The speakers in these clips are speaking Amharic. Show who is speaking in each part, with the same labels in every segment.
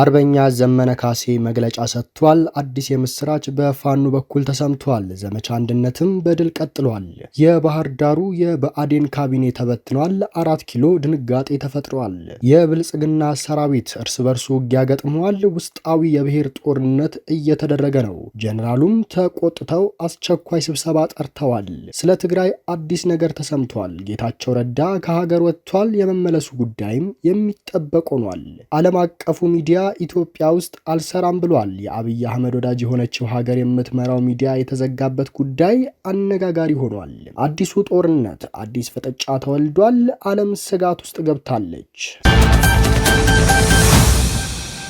Speaker 1: አርበኛ ዘመነ ካሴ መግለጫ ሰጥቷል። አዲስ የምስራች በፋኑ በኩል ተሰምቷል። ዘመቻ አንድነትም በድል ቀጥሏል። የባህር ዳሩ የበአዴን ካቢኔ ተበትኗል። አራት ኪሎ ድንጋጤ ተፈጥሯል። የብልጽግና ሰራዊት እርስ በርሱ ውጊያ ገጥመዋል። ውስጣዊ የብሔር ጦርነት እየተደረገ ነው። ጀኔራሉም ተቆጥተው አስቸኳይ ስብሰባ ጠርተዋል። ስለ ትግራይ አዲስ ነገር ተሰምቷል። ጌታቸው ረዳ ከሀገር ወጥቷል። የመመለሱ ጉዳይም የሚጠበቅ ሆኗል። ዓለም አቀፉ ሚዲያ ኢትዮጵያ ውስጥ አልሰራም ብሏል። የአብይ አህመድ ወዳጅ የሆነችው ሀገር የምትመራው ሚዲያ የተዘጋበት ጉዳይ አነጋጋሪ ሆኗል። አዲሱ ጦርነት፣ አዲስ ፍጥጫ ተወልዷል። ዓለም ስጋት ውስጥ ገብታለች።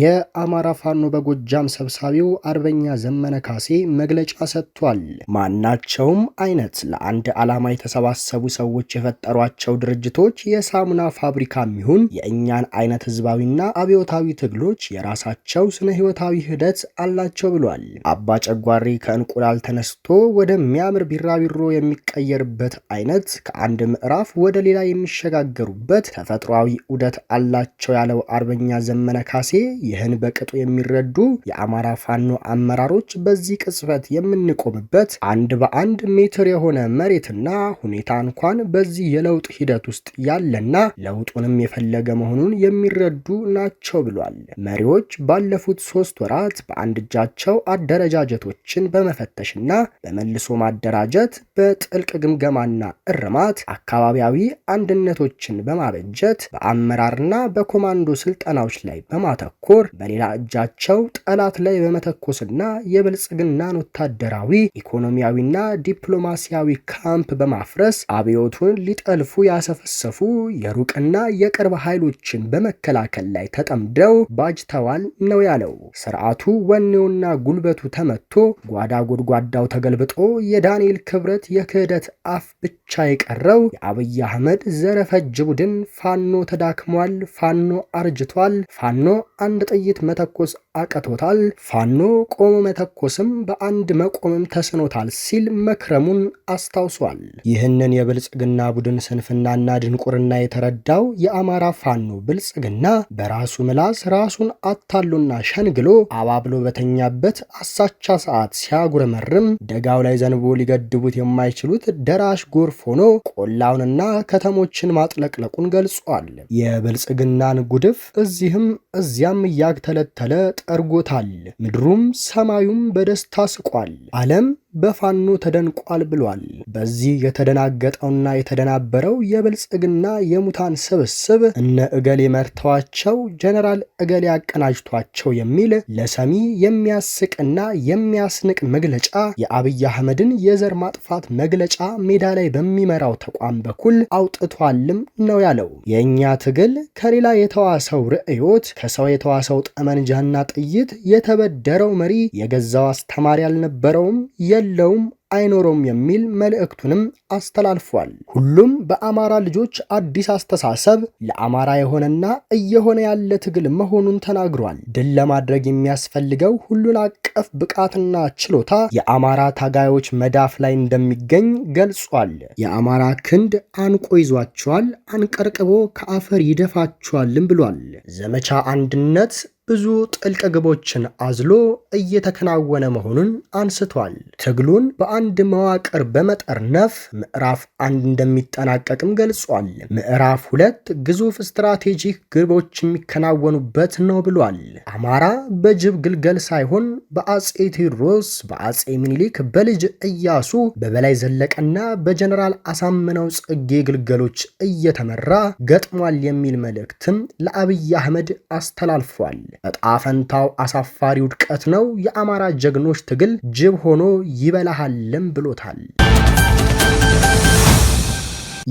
Speaker 1: የአማራ ፋኖ በጎጃም ሰብሳቢው አርበኛ ዘመነ ካሴ መግለጫ ሰጥቷል። ማናቸውም አይነት ለአንድ ዓላማ የተሰባሰቡ ሰዎች የፈጠሯቸው ድርጅቶች የሳሙና ፋብሪካ የሚሆን የእኛን አይነት ህዝባዊና አብዮታዊ ትግሎች የራሳቸው ስነ ህይወታዊ ሂደት አላቸው ብሏል። አባ ጨጓሪ ከእንቁላል ተነስቶ ወደሚያምር ቢራቢሮ የሚቀየርበት አይነት ከአንድ ምዕራፍ ወደ ሌላ የሚሸጋገሩበት ተፈጥሯዊ ዑደት አላቸው ያለው አርበኛ ዘመነ ካሴ ይህን በቅጡ የሚረዱ የአማራ ፋኖ አመራሮች በዚህ ቅጽበት የምንቆምበት አንድ በአንድ ሜትር የሆነ መሬትና ሁኔታ እንኳን በዚህ የለውጥ ሂደት ውስጥ ያለና ለውጡንም የፈለገ መሆኑን የሚረዱ ናቸው ብሏል። መሪዎች ባለፉት ሶስት ወራት በአንድ እጃቸው አደረጃጀቶችን በመፈተሽና በመልሶ ማደራጀት በጥልቅ ግምገማና እርማት አካባቢያዊ አንድነቶችን በማበጀት በአመራርና በኮማንዶ ስልጠናዎች ላይ በማተኮር በማተኮር በሌላ እጃቸው ጠላት ላይ በመተኮስና የብልጽግናን ወታደራዊ ኢኮኖሚያዊና ዲፕሎማሲያዊ ካምፕ በማፍረስ አብዮቱን ሊጠልፉ ያሰፈሰፉ የሩቅና የቅርብ ኃይሎችን በመከላከል ላይ ተጠምደው ባጅተዋል ነው ያለው። ስርዓቱ ወኔውና ጉልበቱ ተመቶ ጓዳ ጎድጓዳው ተገልብጦ የዳንኤል ክብረት የክህደት አፍ ብቻ የቀረው የአብይ አህመድ ዘረፈጅ ቡድን ፋኖ ተዳክሟል፣ ፋኖ አርጅቷል፣ ፋኖ አንድ ጥይት መተኮስ አቅቶታል፣ ፋኖ ቆሞ መተኮስም በአንድ መቆምም ተስኖታል ሲል መክረሙን አስታውሷል። ይህንን የብልጽግና ቡድን ስንፍናና ድንቁርና የተረዳው የአማራ ፋኖ ብልጽግና በራሱ ምላስ ራሱን አታሎና ሸንግሎ አባብሎ በተኛበት አሳቻ ሰዓት ሲያጉረመርም ደጋው ላይ ዘንቦ ሊገድቡት የማይችሉት ደራሽ ጎርፍ ሆኖ ቆላውንና ከተሞችን ማጥለቅለቁን ገልጿል። የብልጽግናን ጉድፍ እዚህም እዚያም እያግተለተለ ጠርጎታል። ምድሩም ሰማዩም በደስታ ስቋል። ዓለም በፋኖ ተደንቋል ብሏል። በዚህ የተደናገጠውና የተደናበረው የብልጽግና የሙታን ስብስብ እነ እገሌ መርተዋቸው ጀነራል እገሌ ያቀናጅቷቸው የሚል ለሰሚ የሚያስቅና የሚያስንቅ መግለጫ የአብይ አህመድን የዘር ማጥፋት መግለጫ ሜዳ ላይ በሚመራው ተቋም በኩል አውጥቷልም ነው ያለው። የእኛ ትግል ከሌላ የተዋሰው ርዕዮት፣ ከሰው የተዋሰው ጠመንጃና ጥይት የተበደረው መሪ የገዛው አስተማሪ አልነበረውም የለውም አይኖረውም የሚል መልእክቱንም አስተላልፏል። ሁሉም በአማራ ልጆች አዲስ አስተሳሰብ ለአማራ የሆነና እየሆነ ያለ ትግል መሆኑን ተናግሯል። ድል ለማድረግ የሚያስፈልገው ሁሉን አቀፍ ብቃትና ችሎታ የአማራ ታጋዮች መዳፍ ላይ እንደሚገኝ ገልጿል። የአማራ ክንድ አንቆ ይዟቸዋል፣ አንቀርቅቦ ከአፈር ይደፋቸዋልም ብሏል። ዘመቻ አንድነት ብዙ ጥልቅ ግቦችን አዝሎ እየተከናወነ መሆኑን አንስቷል። ትግሉን በአንድ መዋቅር በመጠርነፍ ምዕራፍ አንድ እንደሚጠናቀቅም ገልጿል። ምዕራፍ ሁለት ግዙፍ ስትራቴጂክ ግቦች የሚከናወኑበት ነው ብሏል። አማራ በጅብ ግልገል ሳይሆን በአጼ ቴዎድሮስ፣ በአጼ ሚኒሊክ፣ በልጅ እያሱ፣ በበላይ ዘለቀና በጀነራል አሳምነው ጽጌ ግልገሎች እየተመራ ገጥሟል የሚል መልእክትም ለአብይ አህመድ አስተላልፏል። እጣ ፈንታው አሳፋሪ ውድቀት ነው። የአማራ ጀግኖች ትግል ጅብ ሆኖ ይበላሃልም ብሎታል።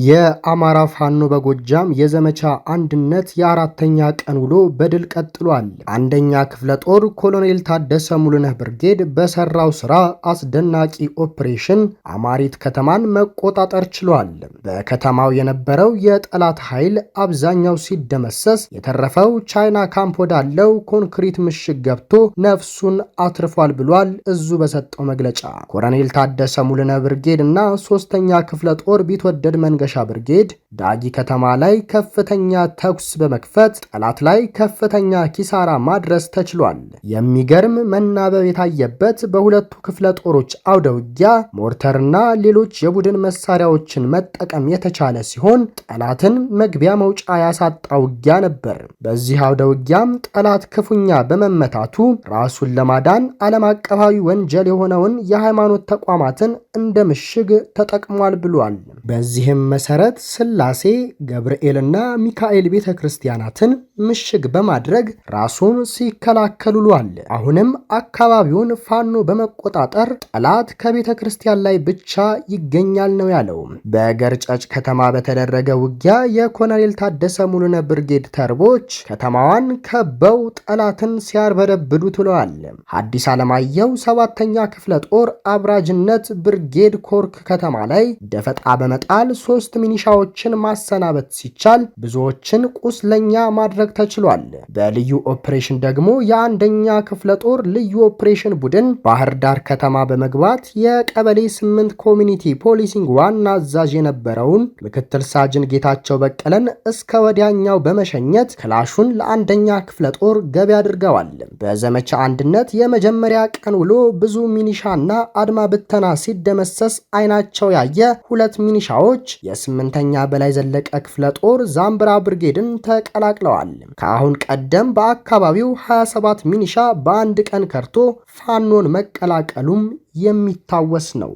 Speaker 1: የአማራ ፋኖ በጎጃም የዘመቻ አንድነት የአራተኛ ቀን ውሎ በድል ቀጥሏል። አንደኛ ክፍለ ጦር ኮሎኔል ታደሰ ሙሉነህ ብርጌድ በሰራው ስራ አስደናቂ ኦፕሬሽን አማሪት ከተማን መቆጣጠር ችሏል። በከተማው የነበረው የጠላት ኃይል አብዛኛው ሲደመሰስ፣ የተረፈው ቻይና ካምፕ ወዳለው ኮንክሪት ምሽግ ገብቶ ነፍሱን አትርፏል ብሏል እዙ በሰጠው መግለጫ። ኮሎኔል ታደሰ ሙሉነህ ብርጌድ እና ሶስተኛ ክፍለ ጦር ቢትወደድ መንገ መንገሻ ብርጌድ ዳጊ ከተማ ላይ ከፍተኛ ተኩስ በመክፈት ጠላት ላይ ከፍተኛ ኪሳራ ማድረስ ተችሏል። የሚገርም መናበብ የታየበት በሁለቱ ክፍለ ጦሮች አውደ ውጊያ ሞርተርና ሌሎች የቡድን መሳሪያዎችን መጠቀም የተቻለ ሲሆን ጠላትን መግቢያ መውጫ ያሳጣ ውጊያ ነበር። በዚህ አውደ ውጊያም ጠላት ክፉኛ በመመታቱ ራሱን ለማዳን ዓለም አቀፋዊ ወንጀል የሆነውን የሃይማኖት ተቋማትን እንደ ምሽግ ተጠቅሟል ብሏል። በዚህም መሰረት ስላ ስላሴ፣ ገብርኤልና ሚካኤል ቤተ ክርስቲያናትን ምሽግ በማድረግ ራሱን ሲከላከል ውሏል። አሁንም አካባቢውን ፋኖ በመቆጣጠር ጠላት ከቤተ ክርስቲያን ላይ ብቻ ይገኛል ነው ያለው። በገርጨጭ ከተማ በተደረገ ውጊያ የኮሎኔል ታደሰ ሙሉነ ብርጌድ ተርቦች ከተማዋን ከበው ጠላትን ሲያርበደብዱ ትለዋል። ሐዲስ ዓለማየሁ ሰባተኛ ክፍለ ጦር አብራጅነት ብርጌድ ኮርክ ከተማ ላይ ደፈጣ በመጣል ሶስት ሚኒሻዎችን ሰዎችን ማሰናበት ሲቻል ብዙዎችን ቁስለኛ ማድረግ ተችሏል። በልዩ ኦፕሬሽን ደግሞ የአንደኛ ክፍለ ጦር ልዩ ኦፕሬሽን ቡድን ባህር ዳር ከተማ በመግባት የቀበሌ ስምንት ኮሚኒቲ ፖሊሲንግ ዋና አዛዥ የነበረውን ምክትል ሳጅን ጌታቸው በቀለን እስከ ወዲያኛው በመሸኘት ክላሹን ለአንደኛ ክፍለ ጦር ገቢ አድርገዋል። በዘመቻ አንድነት የመጀመሪያ ቀን ውሎ ብዙ ሚኒሻና አድማ ብተና ሲደመሰስ አይናቸው ያየ ሁለት ሚኒሻዎች የስምንተኛ በ በላይ ዘለቀ ክፍለ ጦር ዛምብራ ብርጌድን ተቀላቅለዋል። ከአሁን ቀደም በአካባቢው 27 ሚኒሻ በአንድ ቀን ከርቶ ፋኖን መቀላቀሉም የሚታወስ ነው።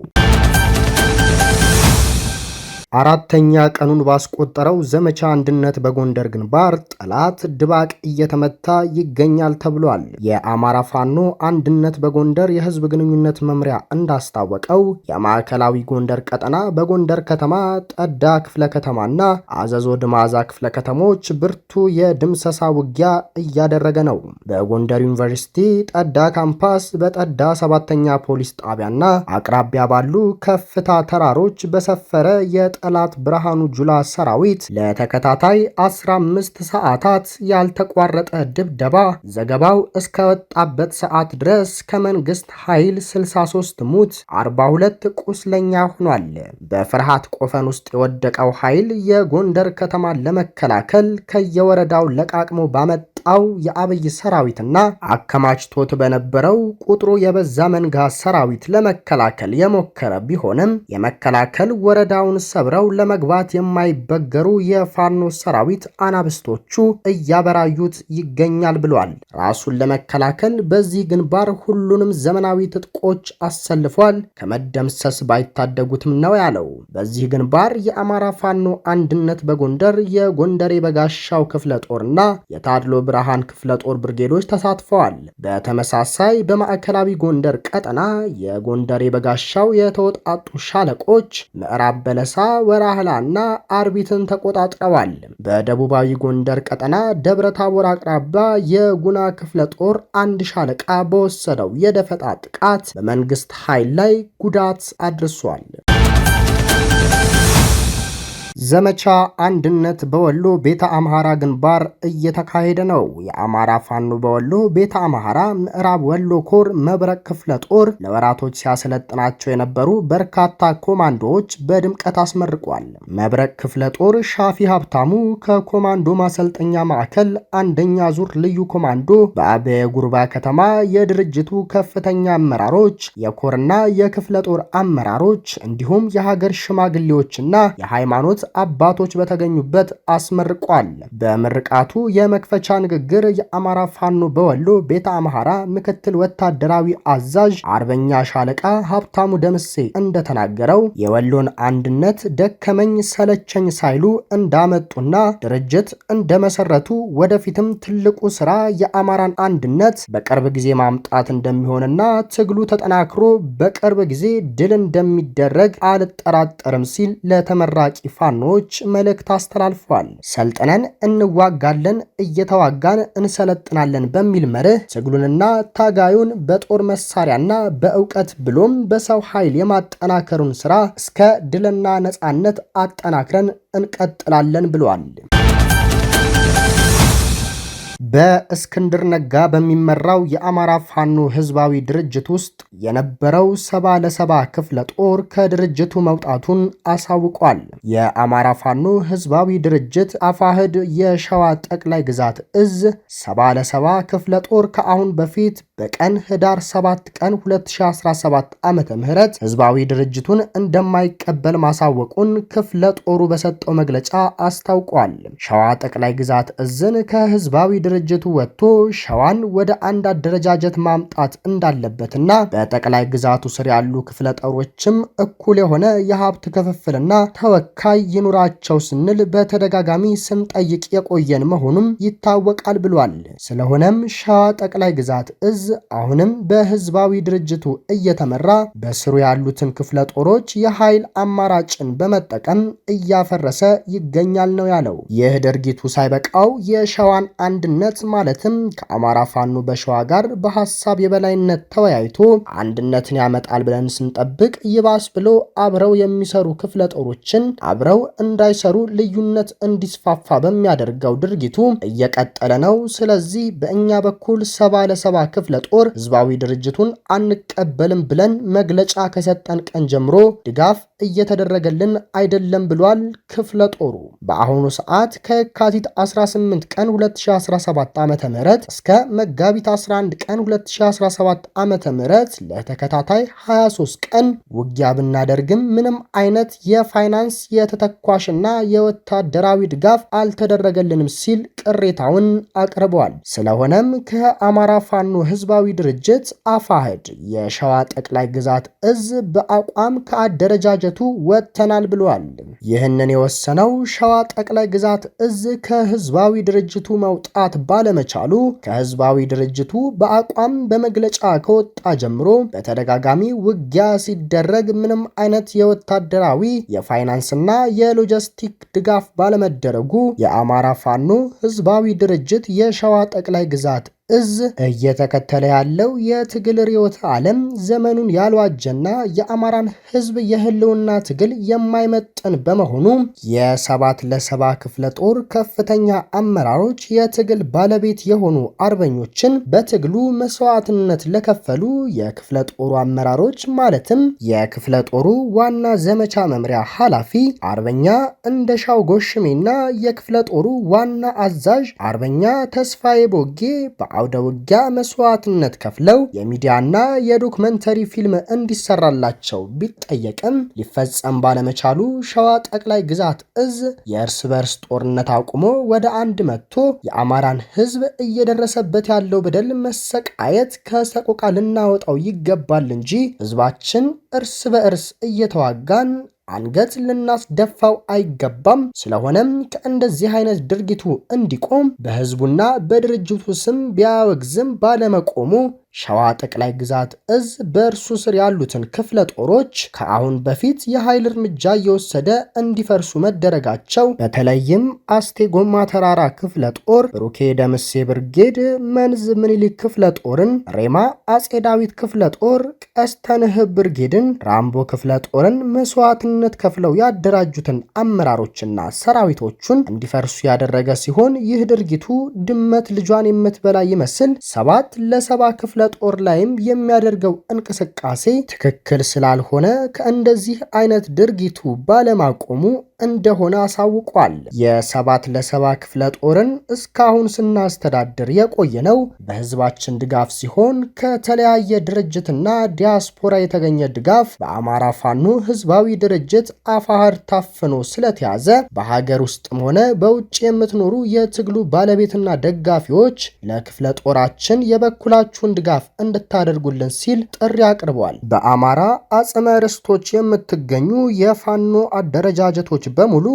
Speaker 1: አራተኛ ቀኑን ባስቆጠረው ዘመቻ አንድነት በጎንደር ግንባር ጠላት ድባቅ እየተመታ ይገኛል ተብሏል። የአማራ ፋኖ አንድነት በጎንደር የህዝብ ግንኙነት መምሪያ እንዳስታወቀው የማዕከላዊ ጎንደር ቀጠና በጎንደር ከተማ ጠዳ ክፍለ ከተማና አዘዞ ድማዛ ክፍለ ከተሞች ብርቱ የድምሰሳ ውጊያ እያደረገ ነው። በጎንደር ዩኒቨርሲቲ ጠዳ ካምፓስ በጠዳ ሰባተኛ ፖሊስ ጣቢያና አቅራቢያ ባሉ ከፍታ ተራሮች በሰፈረ የጠ የጠላት ብርሃኑ ጁላ ሰራዊት ለተከታታይ 15 ሰዓታት ያልተቋረጠ ድብደባ ዘገባው እስከወጣበት ሰዓት ድረስ ከመንግስት ኃይል 63 ሙት 42 ቁስለኛ ሆኗል። በፍርሃት ቆፈን ውስጥ የወደቀው ኃይል የጎንደር ከተማን ለመከላከል ከየወረዳው ለቃቅሞ ባመጣው የአብይ ሰራዊትና አከማችቶት በነበረው ቁጥሩ የበዛ መንጋ ሰራዊት ለመከላከል የሞከረ ቢሆንም የመከላከል ወረዳውን ሰብረ ሰብረው ለመግባት የማይበገሩ የፋኖ ሰራዊት አናብስቶቹ እያበራዩት ይገኛል ብሏል። ራሱን ለመከላከል በዚህ ግንባር ሁሉንም ዘመናዊ ትጥቆች አሰልፏል፣ ከመደምሰስ ባይታደጉትም ነው ያለው። በዚህ ግንባር የአማራ ፋኖ አንድነት በጎንደር የጎንደሬ በጋሻው ክፍለ ጦርና የታድሎ ብርሃን ክፍለ ጦር ብርጌዶች ተሳትፈዋል። በተመሳሳይ በማዕከላዊ ጎንደር ቀጠና የጎንደሬ በጋሻው የተወጣጡ ሻለቆች ምዕራብ በለሳ ወራህላና አርቢትን ተቆጣጥረዋል። በደቡባዊ ጎንደር ቀጠና ደብረ ታቦር አቅራቢያ የጉና ክፍለ ጦር አንድ ሻለቃ በወሰደው የደፈጣ ጥቃት በመንግስት ኃይል ላይ ጉዳት አድርሷል። ዘመቻ አንድነት በወሎ ቤተ አምሃራ ግንባር እየተካሄደ ነው። የአማራ ፋኖ በወሎ ቤተ አምሃራ ምዕራብ ወሎ ኮር መብረቅ ክፍለ ጦር ለወራቶች ሲያሰለጥናቸው የነበሩ በርካታ ኮማንዶዎች በድምቀት አስመርቋል። መብረቅ ክፍለ ጦር ሻፊ ሀብታሙ ከኮማንዶ ማሰልጠኛ ማዕከል አንደኛ ዙር ልዩ ኮማንዶ በአበየ ጉርባ ከተማ የድርጅቱ ከፍተኛ አመራሮች፣ የኮርና የክፍለ ጦር አመራሮች እንዲሁም የሀገር ሽማግሌዎችና የሃይማኖት አባቶች በተገኙበት አስመርቋል። በምርቃቱ የመክፈቻ ንግግር የአማራ ፋኖ በወሎ ቤተ አምሐራ ምክትል ወታደራዊ አዛዥ አርበኛ ሻለቃ ሀብታሙ ደምሴ እንደተናገረው የወሎን አንድነት ደከመኝ ሰለቸኝ ሳይሉ እንዳመጡና ድርጅት እንደመሰረቱ ወደፊትም ትልቁ ስራ የአማራን አንድነት በቅርብ ጊዜ ማምጣት እንደሚሆንና ትግሉ ተጠናክሮ በቅርብ ጊዜ ድል እንደሚደረግ አልጠራጠርም ሲል ለተመራቂ ፋኖ ፋኖዎች መልእክት አስተላልፏል። ሰልጥነን እንዋጋለን፣ እየተዋጋን እንሰለጥናለን በሚል መርህ ትግሉንና ታጋዩን በጦር መሳሪያና በእውቀት ብሎም በሰው ኃይል የማጠናከሩን ስራ እስከ ድልና ነጻነት አጠናክረን እንቀጥላለን ብሏል። በእስክንድር ነጋ በሚመራው የአማራ ፋኖ ህዝባዊ ድርጅት ውስጥ የነበረው ሰባ ለሰባ ክፍለ ጦር ከድርጅቱ መውጣቱን አሳውቋል። የአማራ ፋኖ ህዝባዊ ድርጅት አፋህድ የሸዋ ጠቅላይ ግዛት እዝ ሰባ ለሰባ ክፍለ ጦር ከአሁን በፊት በቀን ህዳር 7 ቀን 2017 ዓ ም ህዝባዊ ድርጅቱን እንደማይቀበል ማሳወቁን ክፍለ ጦሩ በሰጠው መግለጫ አስታውቋል። ሸዋ ጠቅላይ ግዛት እዝን ከህዝባዊ ድርጅት ከድርጅቱ ወጥቶ ሸዋን ወደ አንድ አደረጃጀት ማምጣት እንዳለበትና በጠቅላይ ግዛቱ ስር ያሉ ክፍለ ጦሮችም እኩል የሆነ የሀብት ክፍፍልና ተወካይ ይኑራቸው ስንል በተደጋጋሚ ስንጠይቅ የቆየን መሆኑም ይታወቃል ብሏል። ስለሆነም ሸዋ ጠቅላይ ግዛት እዝ አሁንም በህዝባዊ ድርጅቱ እየተመራ በስሩ ያሉትን ክፍለ ጦሮች የኃይል አማራጭን በመጠቀም እያፈረሰ ይገኛል ነው ያለው። ይህ ድርጊቱ ሳይበቃው የሸዋን አንድነት አንድነት ማለትም ከአማራ ፋኖ በሸዋ ጋር በሀሳብ የበላይነት ተወያይቶ አንድነትን ያመጣል ብለን ስንጠብቅ ይባስ ብሎ አብረው የሚሰሩ ክፍለ ጦሮችን አብረው እንዳይሰሩ ልዩነት እንዲስፋፋ በሚያደርገው ድርጊቱ እየቀጠለ ነው። ስለዚህ በእኛ በኩል ሰባ ለሰባ ክፍለ ጦር ህዝባዊ ድርጅቱን አንቀበልም ብለን መግለጫ ከሰጠን ቀን ጀምሮ ድጋፍ እየተደረገልን አይደለም ብሏል። ክፍለ ጦሩ በአሁኑ ሰዓት ከየካቲት 18 ቀን 2017 2017 ዓ ም እስከ መጋቢት 11 ቀን 2017 ዓ ም ለተከታታይ 23 ቀን ውጊያ ብናደርግም ምንም አይነት የፋይናንስ የተተኳሽና የወታደራዊ ድጋፍ አልተደረገልንም ሲል ቅሬታውን አቅርበዋል። ስለሆነም ከአማራ ፋኖ ህዝባዊ ድርጅት አፋህድ የሸዋ ጠቅላይ ግዛት እዝ በአቋም ከአደረጃጀቱ ወጥተናል ብለዋል። ይህንን የወሰነው ሸዋ ጠቅላይ ግዛት እዝ ከህዝባዊ ድርጅቱ መውጣት ባለመቻሉ ከህዝባዊ ድርጅቱ በአቋም በመግለጫ ከወጣ ጀምሮ በተደጋጋሚ ውጊያ ሲደረግ ምንም አይነት የወታደራዊ የፋይናንስና የሎጂስቲክ ድጋፍ ባለመደረጉ የአማራ ፋኖ ህዝባዊ ድርጅት የሸዋ ጠቅላይ ግዛት እዝ እየተከተለ ያለው የትግል ርዕዮተ ዓለም ዘመኑን ያልዋጀና የአማራን ሕዝብ የህልውና ትግል የማይመጥን በመሆኑ የሰባት ለሰባ ክፍለ ጦር ከፍተኛ አመራሮች የትግል ባለቤት የሆኑ አርበኞችን በትግሉ መስዋዕትነት ለከፈሉ የክፍለ ጦሩ አመራሮች ማለትም የክፍለ ጦሩ ዋና ዘመቻ መምሪያ ኃላፊ አርበኛ እንደሻው ጎሽሜና የክፍለ ጦሩ ዋና አዛዥ አርበኛ ተስፋዬ ቦጌ በ አውደ ውጊያ መስዋዕትነት ከፍለው የሚዲያና የዶክመንተሪ ፊልም እንዲሰራላቸው ቢጠየቅም ሊፈጸም ባለመቻሉ ሸዋ ጠቅላይ ግዛት እዝ የእርስ በርስ ጦርነት አቁሞ ወደ አንድ መጥቶ የአማራን ሕዝብ እየደረሰበት ያለው በደል መሰቃየት ከሰቆቃ ልናወጣው ይገባል እንጂ ሕዝባችን እርስ በእርስ እየተዋጋን አንገት ልናስደፋው አይገባም። ስለሆነም ከእንደዚህ አይነት ድርጊቱ እንዲቆም በህዝቡና በድርጅቱ ስም ቢያወግዝም ባለመቆሙ ሸዋ ጠቅላይ ግዛት እዝ በእርሱ ስር ያሉትን ክፍለ ጦሮች ከአሁን በፊት የኃይል እርምጃ እየወሰደ እንዲፈርሱ መደረጋቸው በተለይም አስቴ ጎማ ተራራ ክፍለ ጦር፣ ብሩኬ ደምሴ ብርጌድ፣ መንዝ ምኒልክ ክፍለ ጦርን፣ ሬማ አጼ ዳዊት ክፍለ ጦር፣ ቀስተንህ ብርጌድን፣ ራምቦ ክፍለ ጦርን መስዋዕትነት ከፍለው ያደራጁትን አመራሮችና ሰራዊቶቹን እንዲፈርሱ ያደረገ ሲሆን ይህ ድርጊቱ ድመት ልጇን የምትበላ ይመስል ሰባት ለሰባ ክፍለ ጦር ላይም የሚያደርገው እንቅስቃሴ ትክክል ስላልሆነ ከእንደዚህ አይነት ድርጊቱ ባለማቆሙ እንደሆነ አሳውቋል። የሰባት ለሰባ ክፍለ ጦርን እስካሁን ስናስተዳድር የቆየነው በህዝባችን ድጋፍ ሲሆን ከተለያየ ድርጅትና ዲያስፖራ የተገኘ ድጋፍ በአማራ ፋኖ ህዝባዊ ድርጅት አፋህር ታፍኖ ስለተያዘ በሀገር ውስጥም ሆነ በውጭ የምትኖሩ የትግሉ ባለቤትና ደጋፊዎች ለክፍለ ጦራችን የበኩላችሁን ድጋፍ እንድታደርጉልን ሲል ጥሪ አቅርቧል። በአማራ አጽመ ርስቶች የምትገኙ የፋኖ አደረጃጀቶች በሙሉ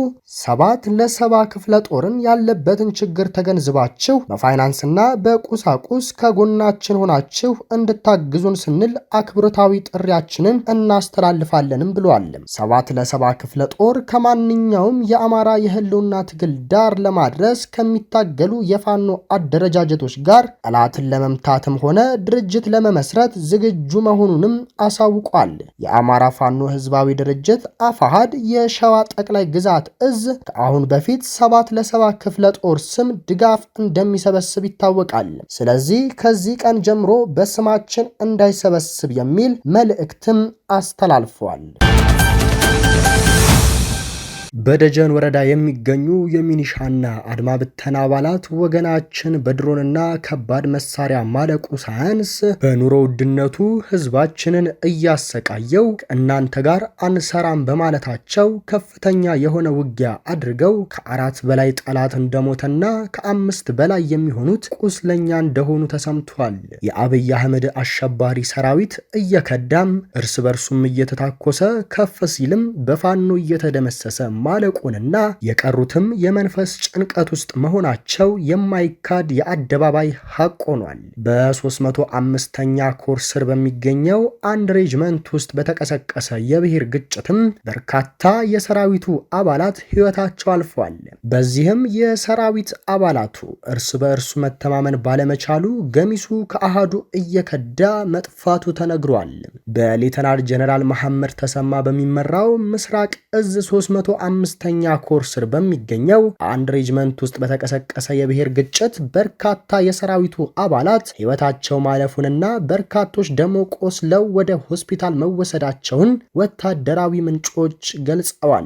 Speaker 1: ሰባት ለሰባ ክፍለ ጦርን ያለበትን ችግር ተገንዝባችሁ በፋይናንስና በቁሳቁስ ከጎናችን ሆናችሁ እንድታግዙን ስንል አክብሮታዊ ጥሪያችንን እናስተላልፋለንም ብሏል። ሰባት ለሰባ ክፍለ ጦር ከማንኛውም የአማራ የህልውና ትግል ዳር ለማድረስ ከሚታገሉ የፋኖ አደረጃጀቶች ጋር ጠላትን ለመምታትም ሆነ ድርጅት ለመመስረት ዝግጁ መሆኑንም አሳውቋል። የአማራ ፋኖ ህዝባዊ ድርጅት አፋሃድ የሸዋ ጠቅላይ ጠቅላይ ግዛት እዝ ከአሁን በፊት ሰባት ለሰባ ክፍለ ጦር ስም ድጋፍ እንደሚሰበስብ ይታወቃል። ስለዚህ ከዚህ ቀን ጀምሮ በስማችን እንዳይሰበስብ የሚል መልእክትም አስተላልፏል። በደጀን ወረዳ የሚገኙ የሚኒሻና አድማ ብተና አባላት ወገናችን በድሮንና ከባድ መሳሪያ ማለቁ ሳያንስ በኑሮ ውድነቱ ህዝባችንን እያሰቃየው እናንተ ጋር አንሰራም በማለታቸው ከፍተኛ የሆነ ውጊያ አድርገው ከአራት በላይ ጠላት እንደሞተና ከአምስት በላይ የሚሆኑት ቁስለኛ እንደሆኑ ተሰምቷል። የአብይ አህመድ አሸባሪ ሰራዊት እየከዳም እርስ በርሱም እየተታኮሰ ከፍ ሲልም በፋኖ እየተደመሰሰ ማለቁንና የቀሩትም የመንፈስ ጭንቀት ውስጥ መሆናቸው የማይካድ የአደባባይ ሀቅ ሆኗል። በ305ኛ ኮር ስር በሚገኘው አንድ ሬጅመንት ውስጥ በተቀሰቀሰ የብሔር ግጭትም በርካታ የሰራዊቱ አባላት ሕይወታቸው አልፏል። በዚህም የሰራዊት አባላቱ እርስ በእርሱ መተማመን ባለመቻሉ ገሚሱ ከአሃዱ እየከዳ መጥፋቱ ተነግሯል። በሌተናል ጀነራል መሐመድ ተሰማ በሚመራው ምስራቅ እዝ አምስተኛ ኮር ስር በሚገኘው አንድ ሬጅመንት ውስጥ በተቀሰቀሰ የብሔር ግጭት በርካታ የሰራዊቱ አባላት ሕይወታቸው ማለፉንና በርካቶች ደግሞ ቆስለው ወደ ሆስፒታል መወሰዳቸውን ወታደራዊ ምንጮች ገልጸዋል።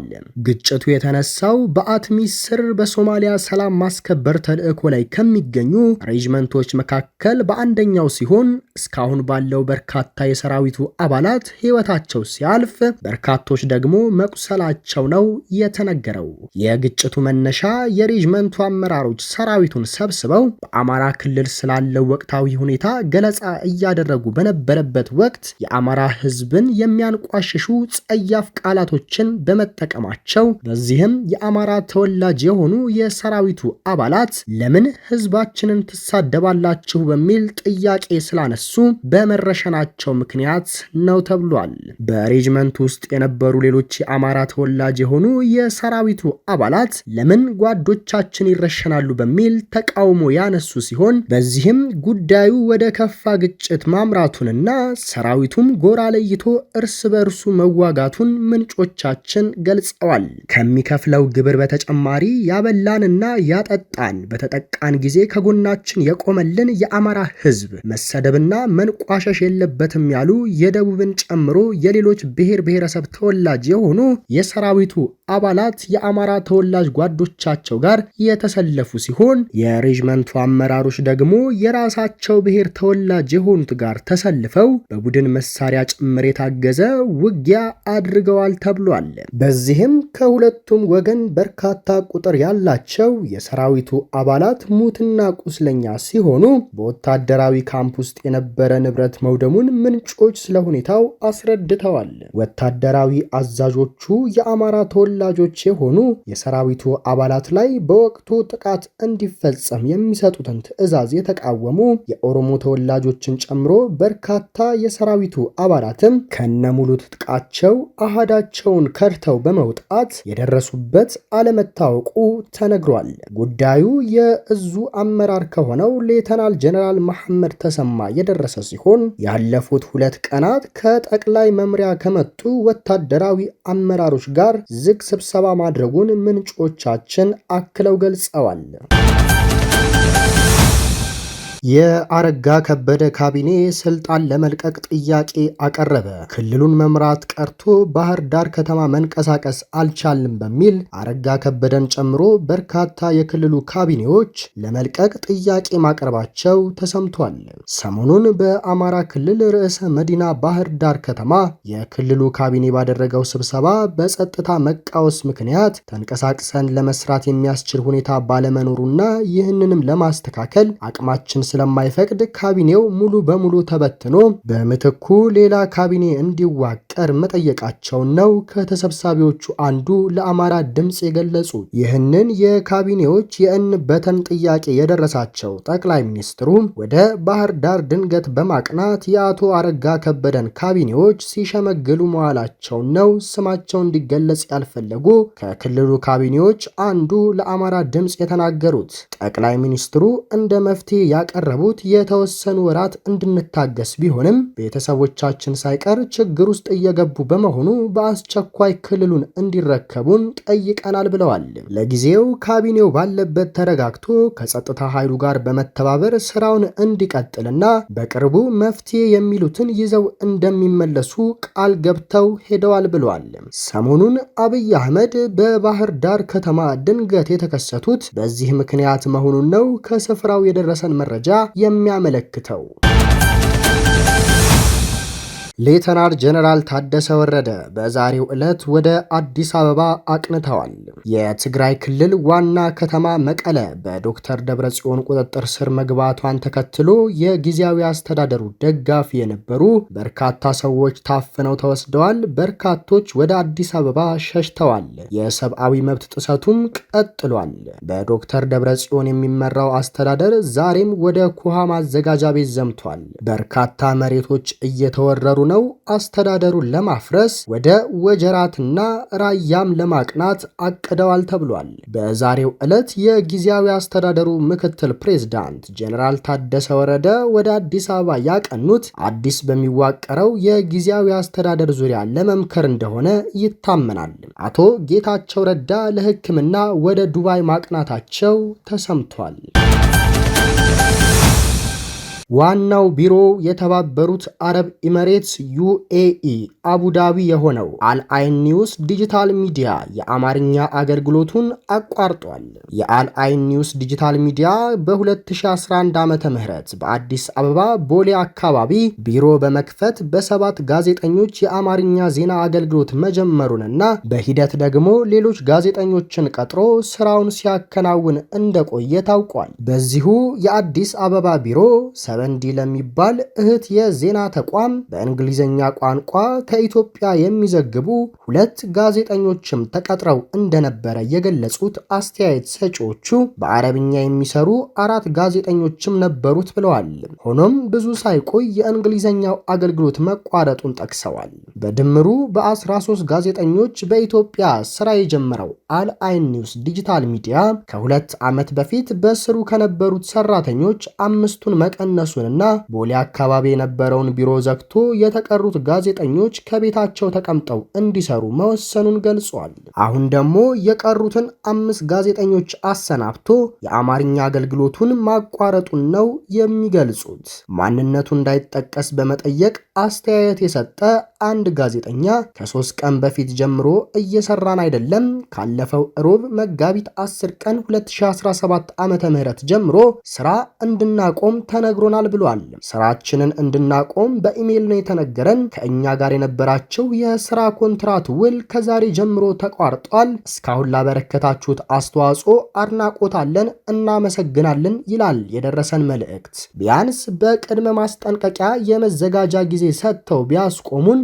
Speaker 1: ግጭቱ የተነሳው በአትሚ ስር በሶማሊያ ሰላም ማስከበር ተልዕኮ ላይ ከሚገኙ ሬጅመንቶች መካከል በአንደኛው ሲሆን እስካሁን ባለው በርካታ የሰራዊቱ አባላት ሕይወታቸው ሲያልፍ በርካቶች ደግሞ መቁሰላቸው ነው የተነገረው። የግጭቱ መነሻ የሬጅመንቱ አመራሮች ሰራዊቱን ሰብስበው በአማራ ክልል ስላለው ወቅታዊ ሁኔታ ገለጻ እያደረጉ በነበረበት ወቅት የአማራ ሕዝብን የሚያንቋሽሹ ጸያፍ ቃላቶችን በመጠቀማቸው በዚህም የአማራ ተወላጅ የሆኑ የሰራዊቱ አባላት ለምን ሕዝባችንን ትሳደባላችሁ በሚል ጥያቄ ስላነሱ በመረሸናቸው ምክንያት ነው ተብሏል። በሬጅመንቱ ውስጥ የነበሩ ሌሎች የአማራ ተወላጅ የሆኑ የሰራዊቱ አባላት ለምን ጓዶቻችን ይረሸናሉ በሚል ተቃውሞ ያነሱ ሲሆን በዚህም ጉዳዩ ወደ ከፋ ግጭት ማምራቱንና ሰራዊቱም ጎራ ለይቶ እርስ በእርሱ መዋጋቱን ምንጮቻችን ገልጸዋል። ከሚከፍለው ግብር በተጨማሪ ያበላንና ያጠጣን በተጠቃን ጊዜ ከጎናችን የቆመልን የአማራ ሕዝብ መሰደብና መንቋሸሽ የለበትም ያሉ የደቡብን ጨምሮ የሌሎች ብሔር ብሔረሰብ ተወላጅ የሆኑ የሰራዊቱ አባላት የአማራ ተወላጅ ጓዶቻቸው ጋር የተሰለፉ ሲሆን የሬጅመንቱ አመራሮች ደግሞ የራሳቸው ብሔር ተወላጅ የሆኑት ጋር ተሰልፈው በቡድን መሳሪያ ጭምር የታገዘ ውጊያ አድርገዋል ተብሏል። በዚህም ከሁለቱም ወገን በርካታ ቁጥር ያላቸው የሰራዊቱ አባላት ሙትና ቁስለኛ ሲሆኑ በወታደራዊ ካምፕ ውስጥ የነበረ ንብረት መውደሙን ምንጮች ስለ ሁኔታው አስረድተዋል። ወታደራዊ አዛዦቹ የአማራ ተወላ ተወላጆች የሆኑ የሰራዊቱ አባላት ላይ በወቅቱ ጥቃት እንዲፈጸም የሚሰጡትን ትዕዛዝ የተቃወሙ የኦሮሞ ተወላጆችን ጨምሮ በርካታ የሰራዊቱ አባላትም ከነሙሉ ትጥቃቸው አሃዳቸውን ከድተው በመውጣት የደረሱበት አለመታወቁ ተነግሯል። ጉዳዩ የእዙ አመራር ከሆነው ሌተናል ጀነራል መሐመድ ተሰማ የደረሰ ሲሆን ያለፉት ሁለት ቀናት ከጠቅላይ መምሪያ ከመጡ ወታደራዊ አመራሮች ጋር ዝግ ስብሰባ ማድረጉን ምንጮቻችን አክለው ገልጸዋል። የአረጋ ከበደ ካቢኔ ስልጣን ለመልቀቅ ጥያቄ አቀረበ። ክልሉን መምራት ቀርቶ ባህር ዳር ከተማ መንቀሳቀስ አልቻልም በሚል አረጋ ከበደን ጨምሮ በርካታ የክልሉ ካቢኔዎች ለመልቀቅ ጥያቄ ማቅረባቸው ተሰምቷል። ሰሞኑን በአማራ ክልል ርዕሰ መዲና ባህር ዳር ከተማ የክልሉ ካቢኔ ባደረገው ስብሰባ በጸጥታ መቃወስ ምክንያት ተንቀሳቅሰን ለመስራት የሚያስችል ሁኔታ ባለመኖሩና ይህንንም ለማስተካከል አቅማችን ስለማይፈቅድ ካቢኔው ሙሉ በሙሉ ተበትኖ በምትኩ ሌላ ካቢኔ እንዲዋቀር መጠየቃቸውን ነው ከተሰብሳቢዎቹ አንዱ ለአማራ ድምፅ የገለጹት። ይህንን የካቢኔዎች የእን በተን ጥያቄ የደረሳቸው ጠቅላይ ሚኒስትሩ ወደ ባህር ዳር ድንገት በማቅናት የአቶ አረጋ ከበደን ካቢኔዎች ሲሸመግሉ መዋላቸውን ነው ስማቸው እንዲገለጽ ያልፈለጉ ከክልሉ ካቢኔዎች አንዱ ለአማራ ድምፅ የተናገሩት። ጠቅላይ ሚኒስትሩ እንደ መፍትሄ ያቀር የቀረቡት የተወሰኑ ወራት እንድንታገስ ቢሆንም ቤተሰቦቻችን ሳይቀር ችግር ውስጥ እየገቡ በመሆኑ በአስቸኳይ ክልሉን እንዲረከቡን ጠይቀናል ብለዋል። ለጊዜው ካቢኔው ባለበት ተረጋግቶ ከጸጥታ ኃይሉ ጋር በመተባበር ስራውን እንዲቀጥልና በቅርቡ መፍትሄ የሚሉትን ይዘው እንደሚመለሱ ቃል ገብተው ሄደዋል ብለዋል። ሰሞኑን አብይ አህመድ በባህር ዳር ከተማ ድንገት የተከሰቱት በዚህ ምክንያት መሆኑን ነው ከስፍራው የደረሰን መረጃ የሚያመለክተው ሌተናል ጀነራል ታደሰ ወረደ በዛሬው ዕለት ወደ አዲስ አበባ አቅንተዋል። የትግራይ ክልል ዋና ከተማ መቀለ በዶክተር ደብረጽዮን ቁጥጥር ስር መግባቷን ተከትሎ የጊዜያዊ አስተዳደሩ ደጋፊ የነበሩ በርካታ ሰዎች ታፍነው ተወስደዋል። በርካቶች ወደ አዲስ አበባ ሸሽተዋል። የሰብአዊ መብት ጥሰቱም ቀጥሏል። በዶክተር ደብረጽዮን የሚመራው አስተዳደር ዛሬም ወደ ኩሃ ማዘጋጃ ቤት ዘምቷል። በርካታ መሬቶች እየተወረሩ ነው አስተዳደሩን ለማፍረስ ወደ ወጀራትና ራያም ለማቅናት አቅደዋል ተብሏል። በዛሬው ዕለት የጊዜያዊ አስተዳደሩ ምክትል ፕሬዝዳንት ጄኔራል ታደሰ ወረደ ወደ አዲስ አበባ ያቀኑት አዲስ በሚዋቀረው የጊዜያዊ አስተዳደር ዙሪያ ለመምከር እንደሆነ ይታመናል። አቶ ጌታቸው ረዳ ለሕክምና ወደ ዱባይ ማቅናታቸው ተሰምቷል። ዋናው ቢሮ የተባበሩት አረብ ኢመሬትስ ዩኤኢ አቡዳቢ የሆነው አልአይን ኒውስ ዲጂታል ሚዲያ የአማርኛ አገልግሎቱን አቋርጧል። የአልአይን ኒውስ ዲጂታል ሚዲያ በ2011 ዓ ም በአዲስ አበባ ቦሌ አካባቢ ቢሮ በመክፈት በሰባት ጋዜጠኞች የአማርኛ ዜና አገልግሎት መጀመሩንና በሂደት ደግሞ ሌሎች ጋዜጠኞችን ቀጥሮ ስራውን ሲያከናውን እንደቆየ ታውቋል። በዚሁ የአዲስ አበባ ቢሮ ሰበንዲ ለሚባል እህት የዜና ተቋም በእንግሊዝኛ ቋንቋ ከኢትዮጵያ የሚዘግቡ ሁለት ጋዜጠኞችም ተቀጥረው እንደነበረ የገለጹት አስተያየት ሰጪዎቹ በአረብኛ የሚሰሩ አራት ጋዜጠኞችም ነበሩት ብለዋል። ሆኖም ብዙ ሳይቆይ የእንግሊዝኛው አገልግሎት መቋረጡን ጠቅሰዋል። በድምሩ በ13 ጋዜጠኞች በኢትዮጵያ ስራ የጀመረው አልአይን ኒውስ ዲጂታል ሚዲያ ከሁለት ዓመት በፊት በስሩ ከነበሩት ሰራተኞች አምስቱን መቀነሱ መድረሱንና ቦሌ አካባቢ የነበረውን ቢሮ ዘግቶ የተቀሩት ጋዜጠኞች ከቤታቸው ተቀምጠው እንዲሰሩ መወሰኑን ገልጿል። አሁን ደግሞ የቀሩትን አምስት ጋዜጠኞች አሰናብቶ የአማርኛ አገልግሎቱን ማቋረጡን ነው የሚገልጹት። ማንነቱ እንዳይጠቀስ በመጠየቅ አስተያየት የሰጠ አንድ ጋዜጠኛ ከሶስት ቀን በፊት ጀምሮ እየሰራን አይደለም፣ ካለፈው ሮብ መጋቢት 10 ቀን 2017 ዓመተ ምህረት ጀምሮ ስራ እንድናቆም ተነግሮናል ብሏል። ስራችንን እንድናቆም በኢሜይል ነው የተነገረን። ከእኛ ጋር የነበራቸው የስራ ኮንትራት ውል ከዛሬ ጀምሮ ተቋርጧል። እስካሁን ላበረከታችሁት አስተዋጽኦ አድናቆታለን፣ እናመሰግናለን ይላል የደረሰን መልእክት። ቢያንስ በቅድመ ማስጠንቀቂያ የመዘጋጃ ጊዜ ሰጥተው ቢያስቆሙን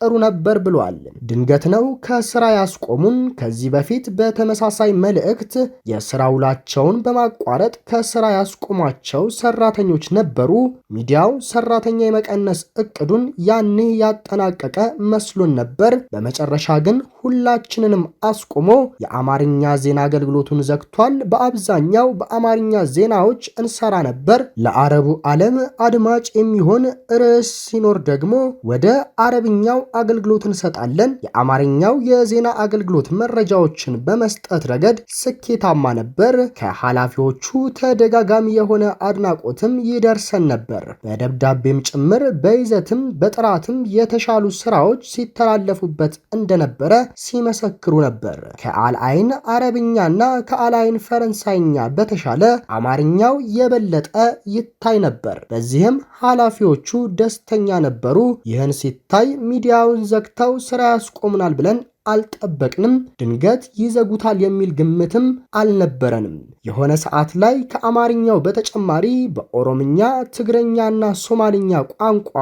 Speaker 1: ጥሩ ነበር ብሏል። ድንገት ነው ከስራ ያስቆሙን። ከዚህ በፊት በተመሳሳይ መልእክት የስራ ውላቸውን በማቋረጥ ከስራ ያስቆሟቸው ሰራተኞች ነበሩ። ሚዲያው ሰራተኛ የመቀነስ እቅዱን ያኔ ያጠናቀቀ መስሎን ነበር። በመጨረሻ ግን ሁላችንንም አስቆሞ የአማርኛ ዜና አገልግሎቱን ዘግቷል። በአብዛኛው በአማርኛ ዜናዎች እንሰራ ነበር። ለአረቡ ዓለም አድማጭ የሚሆን ርዕስ ሲኖር ደግሞ ወደ አረብኛው አገልግሎት እንሰጣለን። የአማርኛው የዜና አገልግሎት መረጃዎችን በመስጠት ረገድ ስኬታማ ነበር። ከኃላፊዎቹ ተደጋጋሚ የሆነ አድናቆትም ይደርሰን ነበር። በደብዳቤም ጭምር በይዘትም በጥራትም የተሻሉ ስራዎች ሲተላለፉበት እንደነበረ ሲመሰክሩ ነበር። ከአልአይን አረብኛና ከአልአይን ፈረንሳይኛ በተሻለ አማርኛው የበለጠ ይታይ ነበር። በዚህም ኃላፊዎቹ ደስተኛ ነበሩ። ይህን ሲታይ ሚዲያውን ዘግተው ስራ ያስቆሙናል ብለን አልጠበቅንም። ድንገት ይዘጉታል የሚል ግምትም አልነበረንም። የሆነ ሰዓት ላይ ከአማርኛው በተጨማሪ በኦሮምኛ፣ ትግረኛና ሶማልኛ ቋንቋ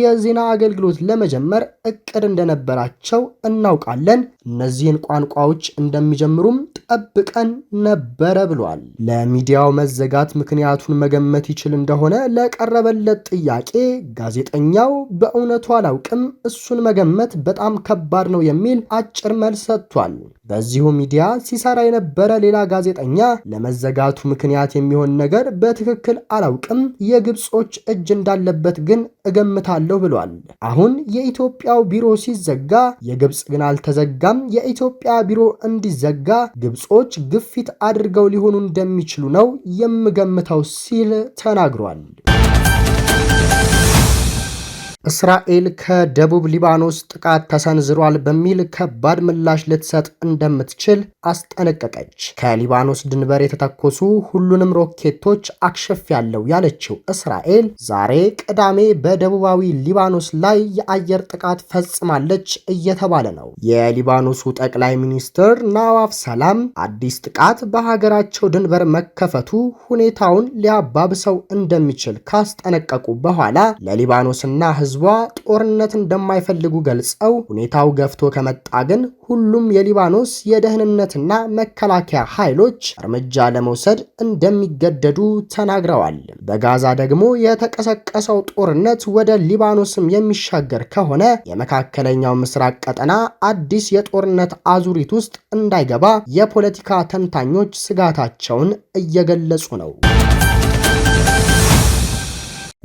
Speaker 1: የዜና አገልግሎት ለመጀመር እቅድ እንደነበራቸው እናውቃለን። እነዚህን ቋንቋዎች እንደሚጀምሩም ጠብቀን ነበረ ብሏል። ለሚዲያው መዘጋት ምክንያቱን መገመት ይችል እንደሆነ ለቀረበለት ጥያቄ ጋዜጠኛው በእውነቱ አላውቅም፣ እሱን መገመት በጣም ከባድ ነው የሚል አጭር መልስ ሰጥቷል። በዚሁ ሚዲያ ሲሰራ የነበረ ሌላ ጋዜጠኛ ለመዘጋቱ ምክንያት የሚሆን ነገር በትክክል አላውቅም፣ የግብጾች እጅ እንዳለበት ግን እገምታለሁ ብሏል። አሁን የኢትዮጵያው ቢሮ ሲዘጋ የግብፅ ግን አልተዘጋም። የኢትዮጵያ ቢሮ እንዲዘጋ ግብጾች ግፊት አድርገው ሊሆኑ እንደሚችሉ ነው የምገምተው ሲል ተናግሯል። እስራኤል ከደቡብ ሊባኖስ ጥቃት ተሰንዝሯል በሚል ከባድ ምላሽ ልትሰጥ እንደምትችል አስጠነቀቀች። ከሊባኖስ ድንበር የተተኮሱ ሁሉንም ሮኬቶች ያለው ያለችው እስራኤል ዛሬ ቅዳሜ በደቡባዊ ሊባኖስ ላይ የአየር ጥቃት ፈጽማለች እየተባለ ነው። የሊባኖሱ ጠቅላይ ሚኒስትር ናዋፍ ሰላም አዲስ ጥቃት በሀገራቸው ድንበር መከፈቱ ሁኔታውን ሊያባብሰው እንደሚችል ካስጠነቀቁ በኋላ ለሊባኖስና ህዝብ ህዝቧ ጦርነት እንደማይፈልጉ ገልጸው ሁኔታው ገፍቶ ከመጣ ግን ሁሉም የሊባኖስ የደህንነትና መከላከያ ኃይሎች እርምጃ ለመውሰድ እንደሚገደዱ ተናግረዋል። በጋዛ ደግሞ የተቀሰቀሰው ጦርነት ወደ ሊባኖስም የሚሻገር ከሆነ የመካከለኛው ምስራቅ ቀጠና አዲስ የጦርነት አዙሪት ውስጥ እንዳይገባ የፖለቲካ ተንታኞች ስጋታቸውን እየገለጹ ነው።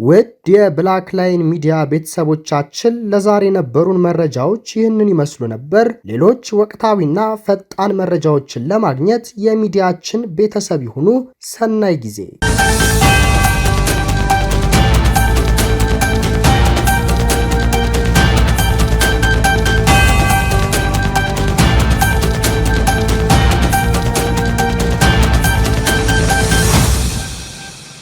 Speaker 1: ውድ የብላክ ላይን ሚዲያ ቤተሰቦቻችን ለዛሬ የነበሩን መረጃዎች ይህንን ይመስሉ ነበር። ሌሎች ወቅታዊና ፈጣን መረጃዎችን ለማግኘት የሚዲያችን ቤተሰብ ይሁኑ። ሰናይ ጊዜ